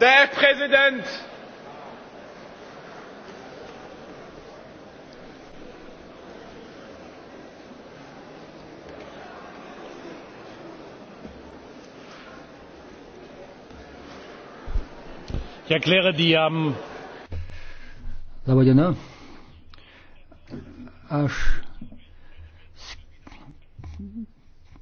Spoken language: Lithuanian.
Der Präsident! Ich erkläre die am. Labą dieną. Aš